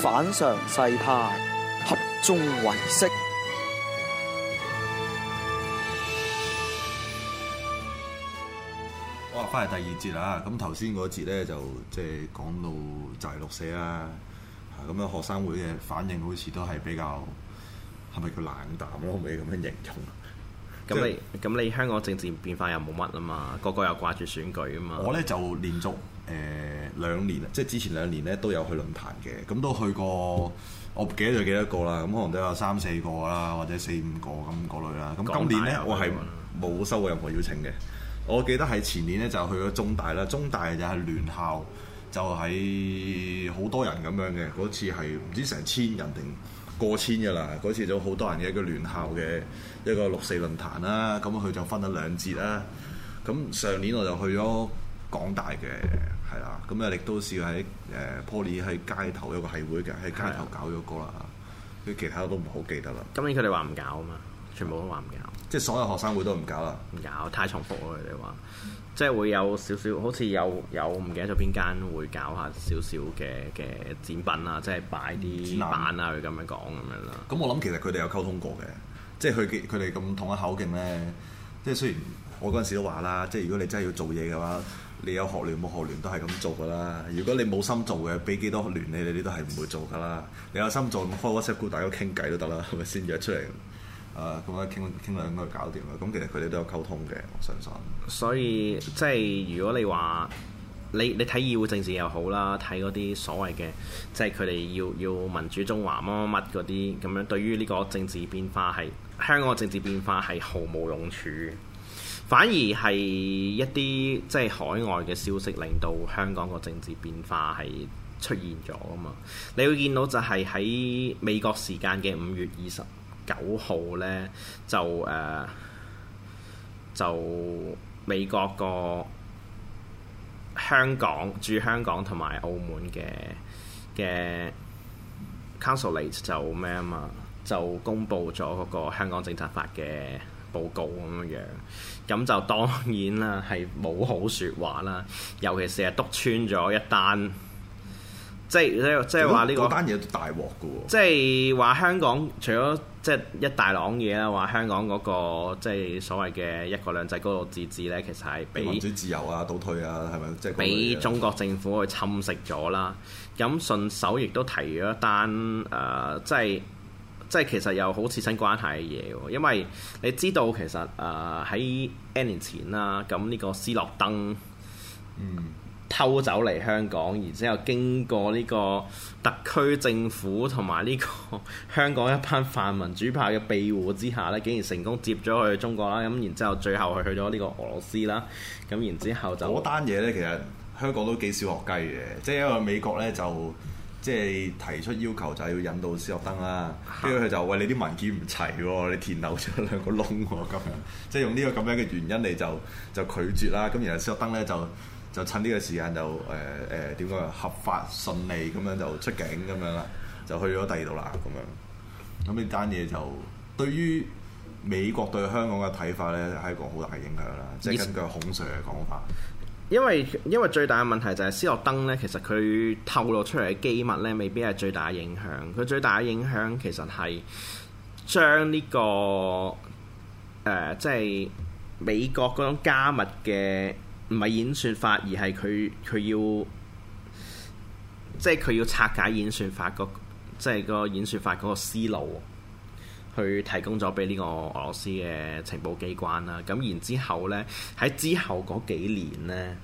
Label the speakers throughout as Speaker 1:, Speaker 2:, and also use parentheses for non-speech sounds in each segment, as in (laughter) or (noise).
Speaker 1: 反常世態，合眾唯
Speaker 2: 識。哇，翻嚟第二節啊！咁頭先嗰節咧就即係講到就係六四啦，咁樣學生會嘅反應好似都係比較係咪叫冷淡咯？咪咁樣形容？咁你咁即你香港政治變化又冇乜啊嘛，個個又掛住選舉啊嘛。我咧就連續。誒、呃、兩年，即係之前兩年咧都有去論壇嘅，咁都去過，我唔記得咗幾多個啦，咁可能都有三四個啦，或者四五個咁嗰、那個、類啦。咁今年呢，我係冇收過任何邀請嘅。我記得喺前年呢，就去咗中大啦，中大就係聯校，就喺、是、好多人咁樣嘅嗰次係唔知成千人定過千嘅啦，嗰次就好多人嘅一個聯校嘅一個六四論壇啦。咁佢就分咗兩節啦。咁上年我就去咗港大嘅。係啦，咁啊，亦都試喺誒 Poly 喺街頭有個系會嘅，喺街頭搞咗個啦，啲、啊、其他都唔好記得啦。今年佢哋話唔搞啊嘛，全部都話唔搞。即係所有學生會都唔搞啦。唔搞，太重複啦！
Speaker 1: 佢哋話，即係會有少少，好似有有唔記得咗邊間會搞下少少嘅嘅展品啊，即係擺啲板啊，佢咁難樣講咁樣啦。咁我諗其實佢
Speaker 2: 哋有溝通過嘅，即係佢佢哋咁同一口徑咧。即係雖然我嗰陣時都話啦，即係如果你真係要做嘢嘅話。你有學聯冇學聯都係咁做噶啦。如果你冇心做嘅，俾幾多聯你，你都係唔會做噶啦。你有心做，開個 WhatsApp group 大家傾偈都得啦，係咪先約出嚟？咁啊傾傾兩句搞掂啦。咁其實佢哋都有溝通嘅，我相信。所以
Speaker 1: 即係如果你話
Speaker 2: 你你睇議會政治又好啦，睇
Speaker 1: 嗰啲所謂嘅即係佢哋要要民主中華乜乜乜嗰啲咁樣，對於呢個政治變化係香港嘅政治變化係毫無用處。反而係一啲即係海外嘅消息，令到香港個政治變化係出現咗啊嘛！你會見到就係喺美國時間嘅五月二十九號呢，就誒、呃、就美國個香港駐香港同埋澳門嘅嘅 consulate 就咩啊嘛，就公布咗嗰個香港政策法嘅。報告咁樣，咁就當然啦，係冇好説話啦。尤其是係篤穿咗一單，即係即係、呢個、即係話呢個單嘢大鑊噶，即係話香港除咗即係一大攤嘢啦，話香港嗰、嗰個即係所謂嘅一國兩制高度自治咧，其實係俾民主自由啊倒退啊，係咪？即係俾中國政府去侵蝕咗啦。咁順手亦都提咗一單誒、呃，即係。即係其實又好切身關係嘅嘢喎，因為你知道其實誒喺 N 年前啦，咁呢個斯諾登、嗯、偷走嚟香港，然之後經過呢個特區政府同埋呢個香港一班泛民主派嘅庇護之下咧，竟然成功接咗去中國啦，咁然之後最後係去咗呢個俄羅
Speaker 2: 斯啦，咁然後之後就嗰單嘢呢，其實香港都幾少學雞嘅，即係因為美國呢就。即係提出要求就係要引導斯諾登啦，跟住佢就話你啲文件唔齊喎，你填漏咗兩個窿喎咁樣，即係用呢個咁樣嘅原因嚟就就拒絕啦。咁然後斯諾登咧就就趁呢個時間就誒誒點講合法順利咁樣就出境咁樣啦，就去咗第二度啦咁樣。咁呢單嘢就對於美國對香港嘅睇法咧係一個好大嘅影響啦，即係根據孔 Sir 嘅講法。
Speaker 1: 因為因為最大嘅問題就係斯諾登呢，其實佢透露出嚟嘅機密呢，未必係最大嘅影響。佢最大嘅影響其實係將呢個誒，即係美國嗰種加密嘅唔係演算法，而係佢佢要即係佢要拆解演算法個，即係個演算法嗰個思路。佢提供咗俾呢個俄羅斯嘅情報機關啦，咁然之後呢，喺之後嗰幾年呢，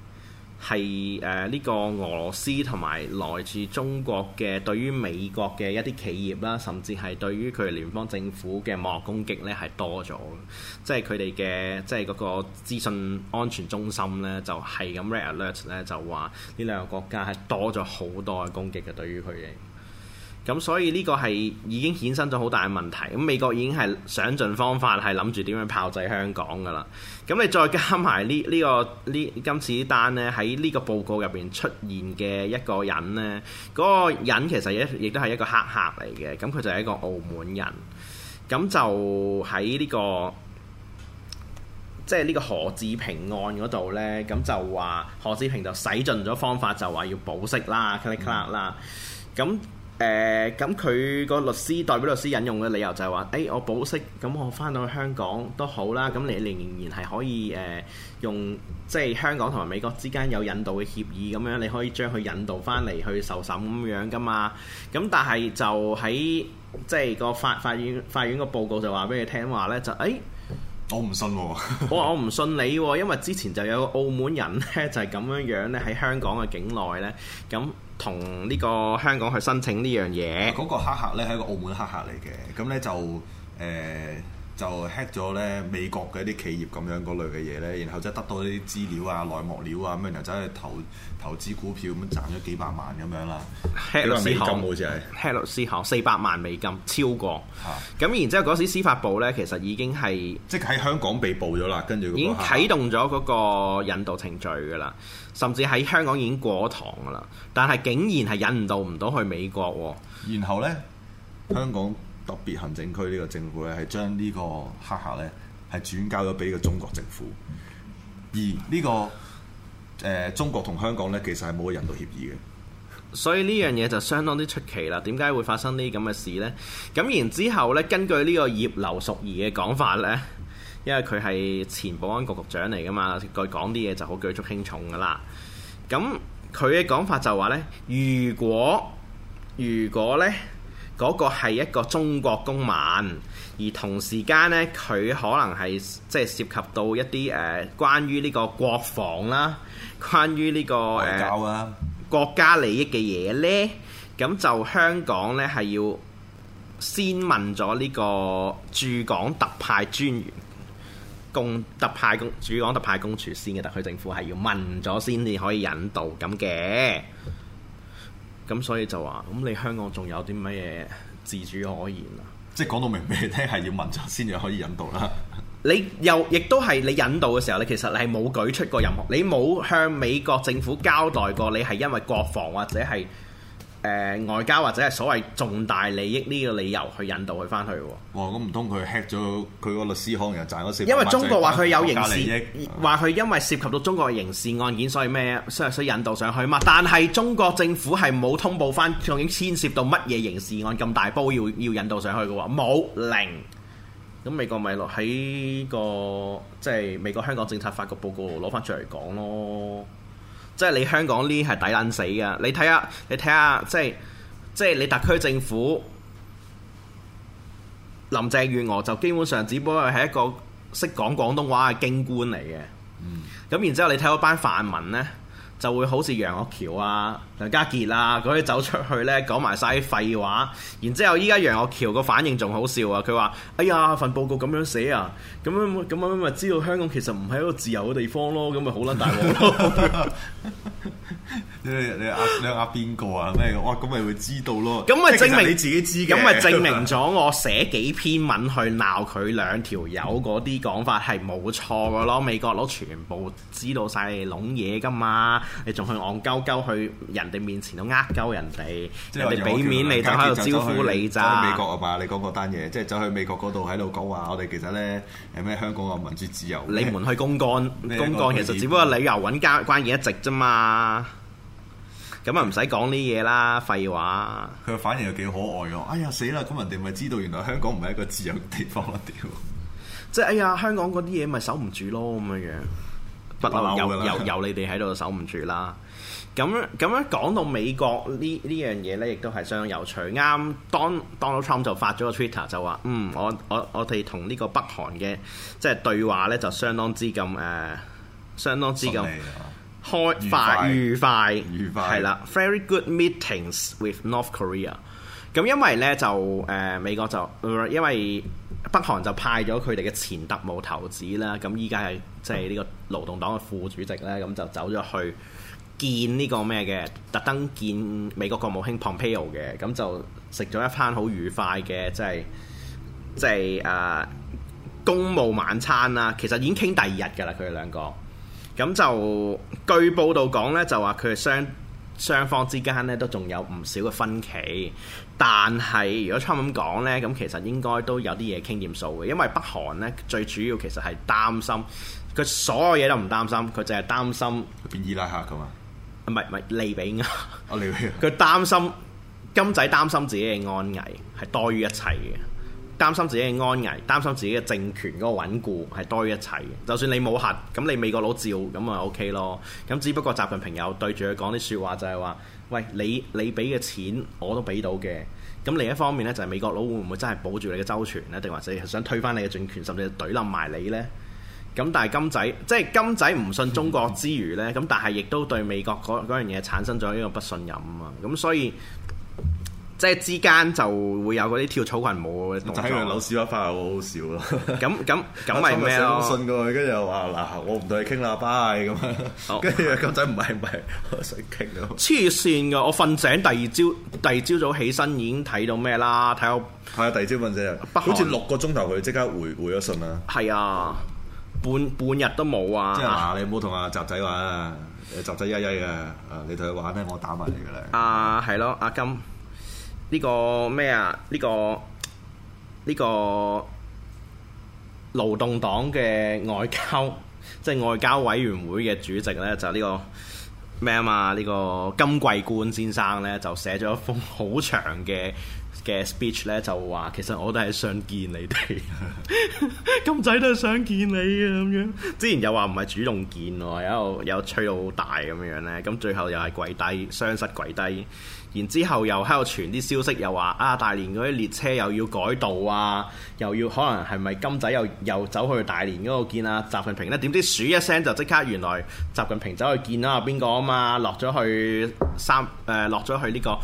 Speaker 1: 係誒呢個俄羅斯同埋來自中國嘅對於美國嘅一啲企業啦，甚至係對於佢聯邦政府嘅網絡攻擊呢，係多咗，即係佢哋嘅即係嗰個資訊安全中心呢，就係咁 red alert 呢，就話呢兩個國家係多咗好多嘅攻擊嘅對於佢哋。咁所以呢個係已經衍生咗好大嘅問題。咁美國已經係想盡方法係諗住點樣炮製香港噶啦。咁你再加埋呢呢個呢、呢個、今次啲單呢喺呢個報告入邊出現嘅一個人呢，嗰、嗰個人其實亦亦都係一個黑客嚟嘅。咁佢就係一個澳門人。咁就喺呢、呢個即係呢個何志平案嗰度呢，咁就話何志平就使盡咗方法，就話要保釋啦 click click 啦，咁。誒咁佢個律師代表律師引用嘅理由就係話：，誒、欸、我保釋，咁我翻到去香港都好啦，咁你仍然係可以誒、呃、用，即係香港同埋美國之間有引渡嘅協議樣，咁樣你可以將佢引渡翻嚟去受審咁樣噶嘛。咁但係就喺即係個法法院法院個報告就話俾你聽話呢，就誒，欸、我唔信、哦， (laughs) 我我唔信你、哦，因為之前就有個澳門人呢，就係咁樣樣呢喺香港嘅境內呢。咁。同呢個香港去申請呢樣嘢，
Speaker 2: 嗰個黑客咧係一個澳門黑客嚟嘅，咁咧就誒。呃就 hack 咗咧美國嘅一啲企業咁樣嗰類嘅嘢咧，然後即係得到一啲資料啊、內幕料啊咁，然後走去投投資股票咁賺咗幾百萬咁樣啦。hack 律師行，四百萬美金，超過。嚇、啊！咁
Speaker 1: 然之後嗰時司法部咧，其實已經係即係喺香港被捕咗啦，跟住已經啟動咗嗰個引渡程序㗎啦，甚至喺香港已經過堂㗎啦，但係竟然
Speaker 2: 係引渡唔到去美國喎。然後咧，香港。特別行政區呢個政府咧，係將呢個黑客，客呢係轉交咗俾個中國政府。而呢、呢個誒、呃、中國同香港呢其實係冇人道協議嘅。
Speaker 1: 所以呢樣嘢就相當之出奇啦。點解會發生呢啲咁嘅事呢？咁然之後呢，根據呢個葉劉淑儀嘅講法呢，因為佢係前保安局局長嚟噶嘛，佢講啲嘢就好舉足輕重噶啦。咁佢嘅講法就話呢：「如果如果呢……」嗰個係一個中國公民，而同時間呢，佢可能係即係涉及到一啲誒關於呢個國防啦，關於呢、呢個誒、呃、國家利益嘅嘢呢，咁就香港呢，係要先問咗呢個駐港特派專員、共特派公、駐港特派公署先嘅，特區政府係要問咗先至可以引導咁嘅。咁所以就話，咁你香港仲有啲乜嘢自主可言啊？即係講到明俾你聽，係要問咗先至可以引渡啦。你又亦都係你引渡嘅時候，你其實你係冇舉出過任何，你冇向美國政府交代過，你係因為國防或者係。誒、呃、外交或者係所謂重大利益，呢個理由去引導佢翻去喎、哦。哇！咁唔通佢吃咗佢個律師可能又賺咗四百萬，因為中國話佢有刑事，話佢因為涉及到中國嘅刑事案件，所以咩，所以所以引導上去嘛。但係中國政府係冇通報翻究竟牽涉到乜嘢刑事案，咁大煲要要引導上去嘅喎，冇零。咁美國咪落喺個即係、就是、美國香港政策法個報告攞翻出嚟講咯。即係你香港呢啲係抵撚死嘅，你睇下你睇下，即係即係你特區政府林鄭月娥就基本上只不過係一個識講廣東話嘅京官嚟嘅，咁、嗯、然之後你睇嗰班泛民呢，就會好似楊岳橋啊～梁家傑啦、啊，嗰啲走出去咧講埋晒啲廢話，然之後依家楊岳橋個反應仲好笑啊！佢話：哎呀，份報告咁樣寫啊，咁樣咁我咪知道香港其實唔係一個自由嘅地方咯，咁咪好撚大鑊
Speaker 2: 咯！你你壓你壓邊、啊啊、個啊？咩嘅？哇、啊！咁咪會知道咯，咁咪、嗯、即係證明你自己知，咁咪、嗯嗯、證明
Speaker 1: 咗我寫幾篇文去鬧佢兩條友嗰啲講法係冇錯嘅咯。美國佬全部知道晒你攏嘢噶嘛，你仲去戇鳩鳩去人哋面前都呃鳩
Speaker 2: 人哋，即是人哋俾面你就喺度招呼你咋？美國啊嘛，你講嗰單嘢，即係走去美國嗰度喺度講話，我哋其實咧，誒咩香港嘅民主自由，你們去公幹，麼公幹其實只不過旅
Speaker 1: 遊揾加關嘢一席啫嘛。咁啊唔使講呢嘢啦，廢話。
Speaker 2: 佢反而又幾可愛喎！哎呀死啦，咁人哋咪知道原來香港唔係一個自
Speaker 1: 由地方咯屌！ (laughs) 即係哎呀，香港嗰啲嘢咪守唔住咯，咁樣有不由由由你哋喺度守唔住啦。咁咁樣講到美國呢呢樣嘢呢，亦都係相當有趣。啱，Donald Trump 就發咗個 Twitter 就話：嗯，我我我哋同呢個北韓嘅即係對話呢，就相當之咁誒、呃，相當之咁開快愉快愉快係啦。的 Very good meetings with North Korea、嗯。咁因為呢，就誒、呃、美國就、呃、因為北韓就派咗佢哋嘅前特務頭子啦，咁依家係即係呢個勞動黨嘅副主席呢，咁就走咗去。見呢個咩嘅，特登見美國國務卿 Pompeo 嘅，咁就食咗一餐好愉快嘅，即係即係誒公務晚餐啦。其實已經傾第二日㗎啦，佢哋兩個。咁就據報道講呢，就話佢哋雙雙方之間呢都仲有唔少嘅分歧，但係如果粗魯咁講呢，咁其實應該都有啲嘢傾掂數嘅，因為北韓呢最主要其實係擔心佢所有嘢都唔擔心，佢淨係擔心邊伊拉克啊嘛。唔係，唔係利比亞，佢 (laughs) 擔心金仔，擔心自己嘅安危係多於一切嘅。擔心自己嘅安危、擔心自己嘅政權嗰個穩固係多於一切嘅。就算你冇核，咁你美國佬照，咁咪 O K 咯。咁只不過習近平又對住佢講啲説話就係話，喂，你你俾嘅錢我都俾到嘅。咁另一方面呢，就係、係、美國佬會唔會真係保住你嘅周全咧？定或者係想推翻你嘅政權，甚至懟冧埋你呢？咁但係金仔，即係金仔唔信中國之餘咧，咁 (laughs) 但係亦都對美國嗰樣嘢產生咗呢個不信任啊！咁所以即係之間就會有嗰啲跳草裙舞嘅動作。睇楊柳絲花
Speaker 2: 花好好笑咯！咁咁咁咪咩咯？我信咗佢，跟住又話嗱，我唔同你傾喇叭 bye 咁跟住金仔唔係唔係，我想傾啊！
Speaker 1: 黐線噶！我瞓醒第二朝，第二朝早起身已經睇到咩啦？睇我係啊！睇下第二朝瞓醒，好似六
Speaker 2: 個鐘頭，佢即刻回回咗信啦！係啊！半半日都冇啊！即係話你唔好同阿習仔玩啊，習仔曳曳啊你同佢玩咩？我打埋你嘅啦。啊，
Speaker 1: 係咯，阿金呢個咩啊？呢個呢個勞動黨嘅外交，即係外交委員會嘅主席咧，就呢個咩啊嘛？呢個金桂冠先生咧，就寫咗一封好長嘅。嘅 speech 咧就話其實我都係想見你哋，咁 (laughs) 金仔都係想見你啊咁樣。之前又話唔係主動見，我係又吹到好大咁樣咧，咁最後又係跪低，雙膝跪低。然之後又喺度傳啲消息，又話啊大連嗰啲列車又要改道啊，又要可能係咪金仔又又走去大連嗰度見啊習近平呢，點知鼠一聲就即刻原來習近平走去見啦阿邊個啊嘛，落咗去三誒、呃、落咗去呢、這個誒、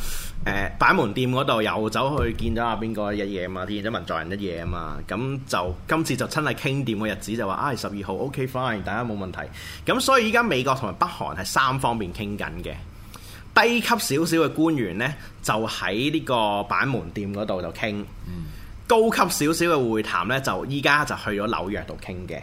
Speaker 1: 呃、板門店嗰度，又走去見咗阿邊個一夜啊嘛，見咗文在寅一夜啊嘛，咁就今次就真係傾掂個日子就話啊十二號 OK fine，大家冇問題。咁所以依家美國同埋北韓係三方面傾緊嘅。低級少少嘅官員呢，就喺呢個板門店嗰度就傾；嗯、高級少少嘅會談呢，就依家就去咗紐約度傾嘅，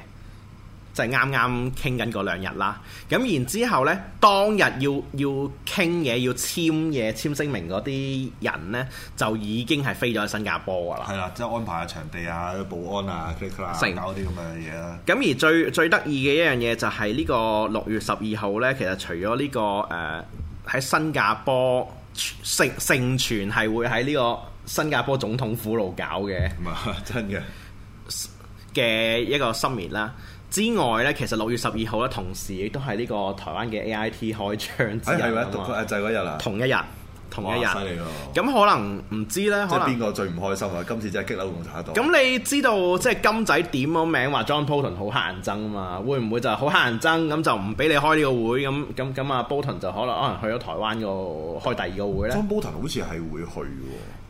Speaker 1: 就係啱啱傾緊嗰兩日啦。咁然之後呢，當日要要傾嘢、要簽嘢、簽聲明嗰啲人呢，就已經係飛咗去新加坡噶啦。係啦，即係安排下場地啊、保安啊、啊 set 啲咁嘅嘢啦。咁、啊、而最最得意嘅一樣嘢就係呢個六月十二號呢，其實除咗呢、這個誒。呃喺新加坡盛盛傳係會喺呢個新加坡總統府度搞嘅，唔係 (laughs) 真嘅的嘅一個 summit 啦。之外咧，其實六月十二號咧，同時亦都係呢個台灣嘅 A I T 開張，係嗰日讀，就係嗰日啦，同一日。
Speaker 2: 同一日，咁可能唔知咧，可能即係邊個最唔開心啊？今次真係激嬲共產黨。咁、嗯嗯、你
Speaker 1: 知道即係金仔點個名咗話？John Bolton 好乞人憎嘛？會唔會就係好乞人憎咁就唔俾你開呢個會咁咁咁啊？Bolton 就可能可能去咗台灣，嗰個開第二個會咧。John Bolton、
Speaker 2: 嗯、好似係會去喎。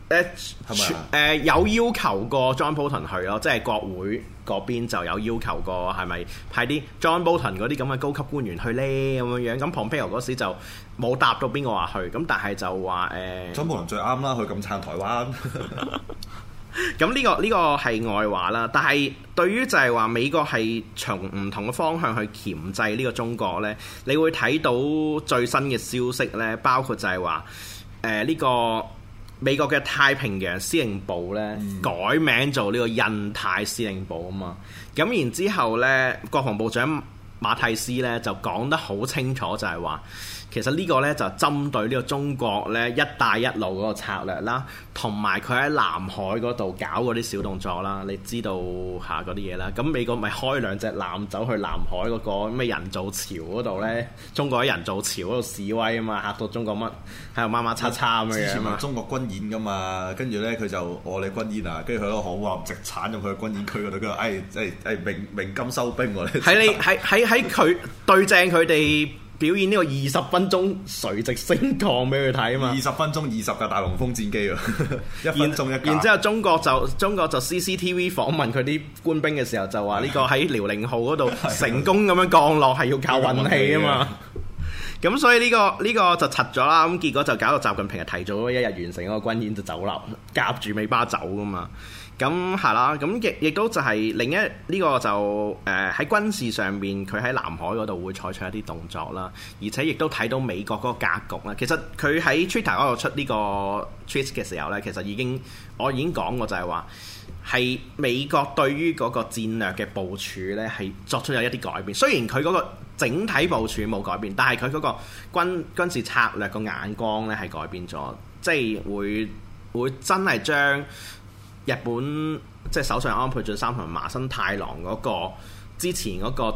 Speaker 1: 誒誒、呃啊呃、有要求過 John Bolton 去咯，即係國會嗰邊就有要求過，係咪派啲 John Bolton 嗰啲咁嘅高級官員去呢？咁嘅樣？咁 Pompeo 嗰時就冇答到邊個話去，咁但係就話
Speaker 2: 誒。John、呃、Bolton 最啱啦，佢咁撐台灣。
Speaker 1: 咁 (laughs) 呢、 (laughs) 呢個呢、呢個係外話啦，但係對於就係話美國係從唔同嘅方向去鉗制呢個中國呢，你會睇到最新嘅消息呢，包括就係話誒呢個。美國嘅太平洋司令部咧、嗯、改名做呢個印太司令部啊嘛，咁然之後咧，國防部長馬蒂斯咧就講得好清楚就，就係話。其實呢個呢，就是、針對呢個中國呢，一帶一路嗰個策略啦，同埋佢喺南海嗰度搞嗰啲小動作啦，你知道下嗰啲嘢啦。咁美國咪開兩隻艦走去南海嗰個咩人造潮嗰度呢？中國喺人造潮嗰度示威啊嘛，嚇到中國乜喺度孖孖叉叉咁樣啊，中
Speaker 2: 國軍演㗎嘛，跟住呢，佢就我哋、啊、軍演啊，跟住佢都好話，直鏟入佢軍演區嗰度，佢話誒誒誒鳴金收兵喎、啊。係你喺喺喺佢
Speaker 1: 對正佢哋。 (laughs) (noise) 表演呢個二十分鐘垂直升降俾佢睇啊嘛，二十分鐘二十架大黃蜂戰機啊，一演中一架。然之後中國就中國就 CCTV 訪問佢啲官兵嘅時候就話呢個喺遼寧號嗰度成功咁樣降落係要靠運氣啊嘛。咁所以呢個呢個就柒咗啦。咁結果就搞到習近平啊提早一日完成嗰個軍演就走啦，夾住尾巴走噶嘛。咁係啦，咁、嗯、亦亦都就係、是、另一呢、呢個就誒喺、呃、軍事上面，佢喺南海嗰度會採取一啲動作啦，而且亦都睇到美國嗰個格局啦。其實佢喺 Twitter 嗰度出呢個 tweet 嘅時候呢，其實已經我已經講過就係話係美國對於嗰個戰略嘅部署呢，係作出有一啲改變。雖然佢嗰個整體部署冇改變，但係佢嗰個軍，軍事策略個眼光呢，係改變咗，即係會會真係將。日本即係首相安倍晉三同埋麻生太郎嗰個之前嗰個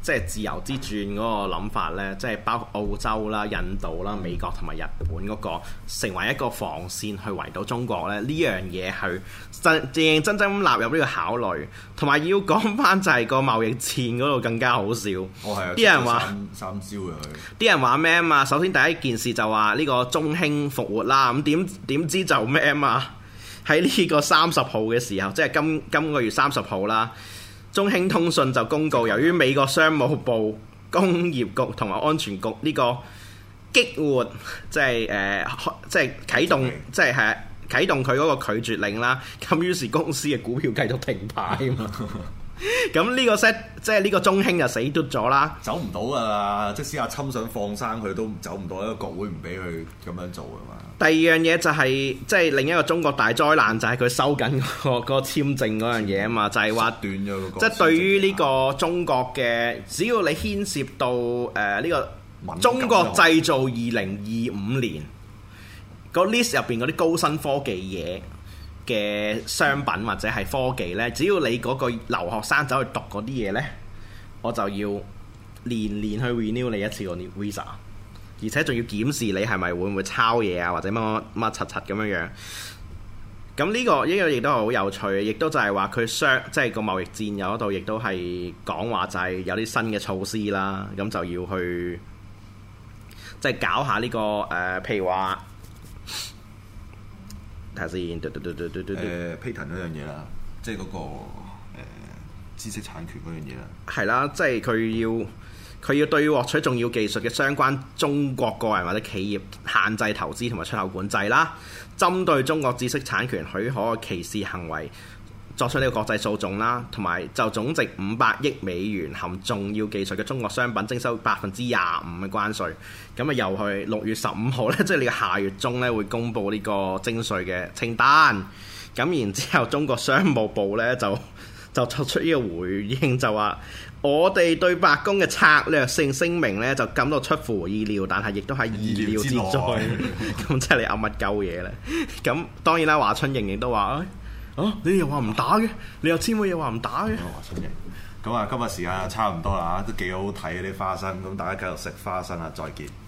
Speaker 1: 即係自由之轉嗰個諗法呢，即係包括澳洲啦、印度啦、美國同埋日本嗰個成為一個防線去圍到中國呢。嗯，呢樣嘢去真正認真咁納入呢個考慮，同埋要講翻就係個貿易戰嗰度更加好笑。哦，係啊！啲人話
Speaker 2: 三招嘅，
Speaker 1: 啲人話咩啊嘛？首先第一件事就話呢個中興復活啦，咁點點知就咩啊嘛？喺呢個三十號嘅時候，即係今今個月三十號啦，中興通訊就公告，由於美國商務部、工業局同埋安全局呢個激活，即係誒、呃，即係啟動，即係係啟動佢嗰個拒絕令啦，咁於是公司嘅股票繼續停牌啊嘛。 (laughs) 咁呢個 set 即係呢個中興就死嘟咗啦，走唔到
Speaker 2: 噶啦！即使阿侵想放生佢，都走唔到，因為國會唔俾佢咁樣做㗎嘛。
Speaker 1: 第二樣嘢就係、是、即係另一個中國大災難就、這個，就係佢收緊個個簽證嗰樣嘢啊嘛，就係話短咗嗰個。即係對於呢個中國嘅，只要你牽涉到誒呢、呃這
Speaker 2: 個敏感 中國製
Speaker 1: 造二零二五年敏感 個 list 入邊嗰啲高新科技嘢。嘅商品或者係科技呢，只要你嗰個留學生走去讀嗰啲嘢呢，我就要年年去 renew 你一次嗰個 visa，而且仲要檢視你係咪會唔會抄嘢啊，或者乜乜乜柒柒咁樣樣。咁呢個呢個亦都係好有趣，亦都就係話佢商，即係個貿易戰有一度亦都係講話就係有啲新嘅措施啦，咁就要去即係搞下呢個誒，譬如話。
Speaker 2: 睇 patent 嗰樣嘢啦，即係嗰、嗰個、呃、知識產權嗰樣嘢啦。
Speaker 1: 係啦，即係佢要佢要對獲取重要技術嘅相關中國個人或者企業限制投資同埋出口管制啦，針對中國知識產權許可嘅歧視行為。作出呢個國際訴訟啦，同埋就總值五百億美元含重要技術嘅中國商品徵收百分之廿五嘅關稅。咁啊，又去六月十五號呢，即係你下月中呢會公布呢個徵稅嘅清單。咁然之後，中國商務部呢，就就作出呢個回應，就話我哋對白宮嘅策略性聲明呢，就感到出乎意料，但係亦都係意料之中。咁即係你噏乜鳩嘢呢？咁當然啦，華春瑩亦都話。啊！你又話唔打嘅，你又簽嘢又話唔打嘅。
Speaker 2: 咁啊、哦，今日時間又差唔多啦嚇，都幾好睇啲花生，咁大家繼續食花生啊，再見。